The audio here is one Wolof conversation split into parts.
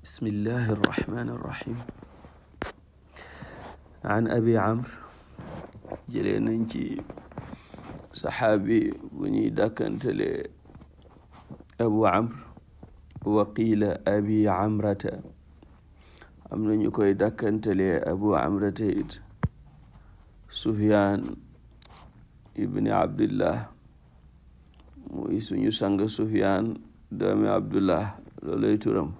bismillahi irrahmani irrahim an abi amr jëlee nañ ci saxaabi bu ñuy dàkkantale abu amr wa qiila abi amrata am nañu koy dàkkantale abu amrata it sufyaan ibni abdullah muy suñu sang sufyaan doomi abdullah loolay turam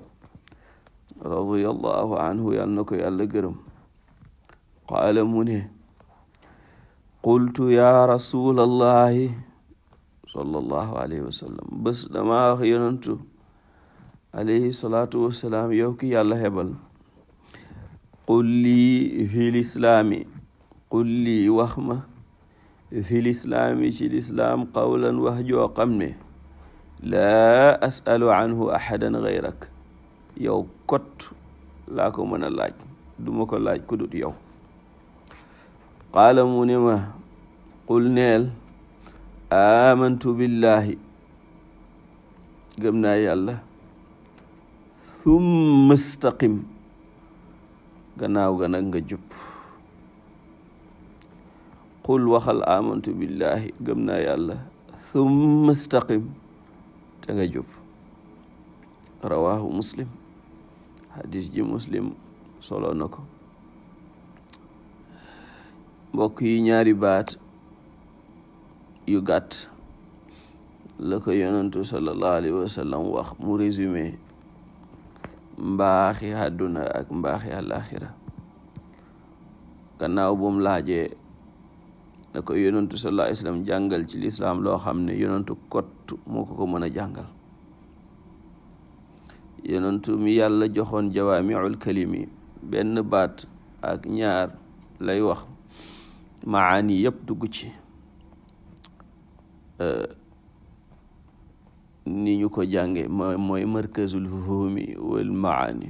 radiyallahu anhu yal na ko yàlla gërëm qaala mu ne qultu ya rasulallahi sallallahu alayhi wa sallam bés dama wax yonantu alayhi salaatu wasalaam yow ki yàlla hebal qul lii fi lislaami qul lii wax ma fi lislaami ci lislaam qawlan wax joo xam ne laa asalu anhu ahadan gayrak yow kot laa ko mën a laaj duma ma ko laaj ku dut yow qaala mu ne ma qul neel amantu billahi gëm naa yàlla thumma istaqim gannaaw ga nag nga jub qul waxal amantu billahi gëm naa yàlla thumma istaqim te nga jub rawahu muslim hadis ji muslim solo na ko mbokk yi ñaari baat yu gàtt la ko yonantu sallallahu alayhi wa wax mu résumé mbaaxi àdduna ak mbaaxi àlaxira gannaaw bu mu laajee da ko yonantu sallallahu alayhi wa sallam jàngal ci lislaam loo xam ne yonantu kott moo ko ko mën a jàngal yonentu mi yàlla joxoon jawaamiul kalimi benn baat ak ñaar lay wax maani yëpp dugg ci ni ñu ko jànge mooy markazul fuhumi wal maani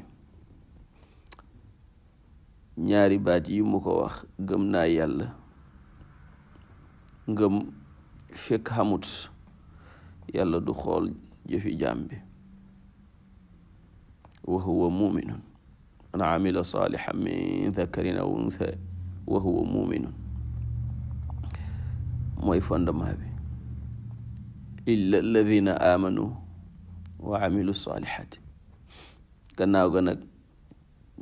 ñaari baat yi mu ko wax gëm naa yàlla ngëm fekk xamut yàlla du xool jëfi jaam bi wa huwa muminun man amila salihan min dakarin aw untha wa huwa muminun mooy fondement bi illa alladina amanu wa amilu salihaati gannaaw ga nag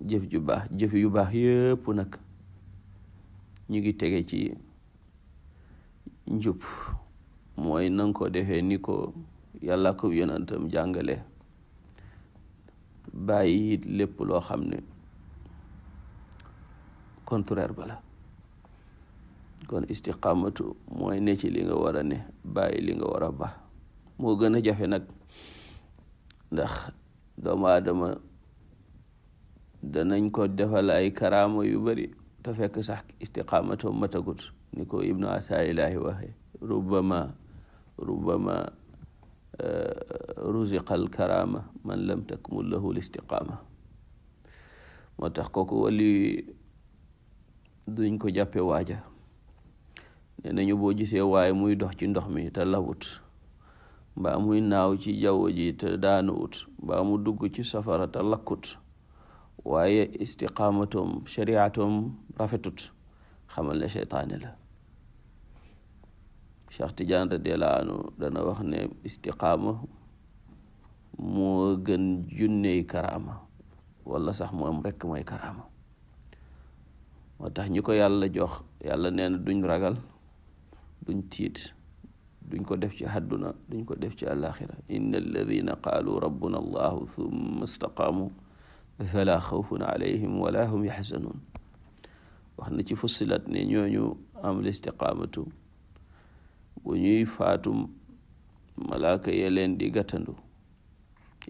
jëf ju baax jëf yu baax yëpp nag ñu ngi tege ci njub mooy nanga ko defee ni ko yàlla ko yonantam jàngale bàyyi it lépp loo xam ne contraire bala kon istiqaamatu mooy ne ci li nga wara ne bàyyi li nga war ba moo gën a jafe nag ndax doomu da danañ ko defal ay karaama yu bari te fekk sax istiqaamatu matagut ni ko ibnu atailahi waxe rubbama rubbama euh, ruziqa karama man lam takmul lahu l istiqaama moo tax kooku wali duñ ko jàppe waaja nee nañu boo gisee waaye muy dox ci ndox mi te lawut mbaa muy naaw ci jaww ji te daanuwut mbaa mu dugg ci safara te lakkut waaye istiqaamatom shariatom rafetut xamal ne seytaane la Cheikh Tidiane radiyallahu anhu dana wax ne istiqaama gën junney karaama wala sax moom rekk mooy karaama moo tax ñi ko yàlla jox yàlla nee na duñ ragal duñ tiit duñ ko def ci àdduna duñ ko def ci àlaxira inna alladina qaalu rabbuna allahu thumma istaqaamu fala xawfun alayhim wala hum yaxzanun wax na ci fussilat ne ñooñu am listiqaamatu bu ñuy faatu malaaka ye leen di gàttandu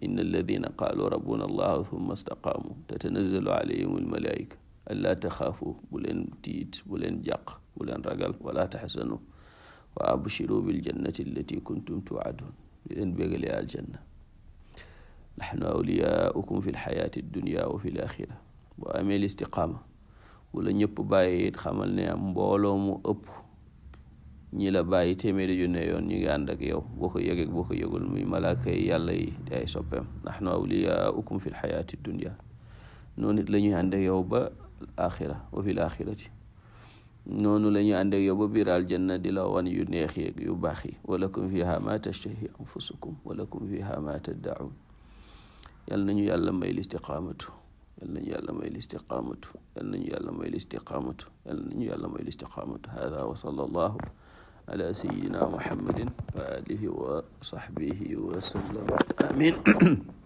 inna alladina qaalu rabbuna allahu thumma istaqaamu tatanazzalu alayhim almalaika allaa taxaafu bu leen tiit bu leen jàq bu leen ragal wala taxsanu wa abshiru biljannati allati kuntum tuadun di leen bégalee aljanna naxnu awliyaukum fi lxayaati dunia wa fi laxira boo amee listiqaama bu la ñëpp bàyyi it xamal ne am mbooloo mu ëpp ñi la bàyyi téeméeri junne yoon ñu ngi ànd yow boo ko yëgeeg boo ko yëgul muy malaaka yi yàlla yi di ay soppeem nahnu awliyaukum fi lxayaati dunia ba axira wa fi laxirati noonu la ñuy ànd ba biir aljanna di la wan yu neex yeeg yu baax yi walakum fiha ma tashtahi anfusukum walakum fiha ma taddaun yal nañu yàlla may listiqaamatu yal nañu yàlla may listiqaamatu yàlla may listiqaamatu yal wa sallallahu ala sayyidina muhammadin wa alihi wa sahbihi wa sallam amin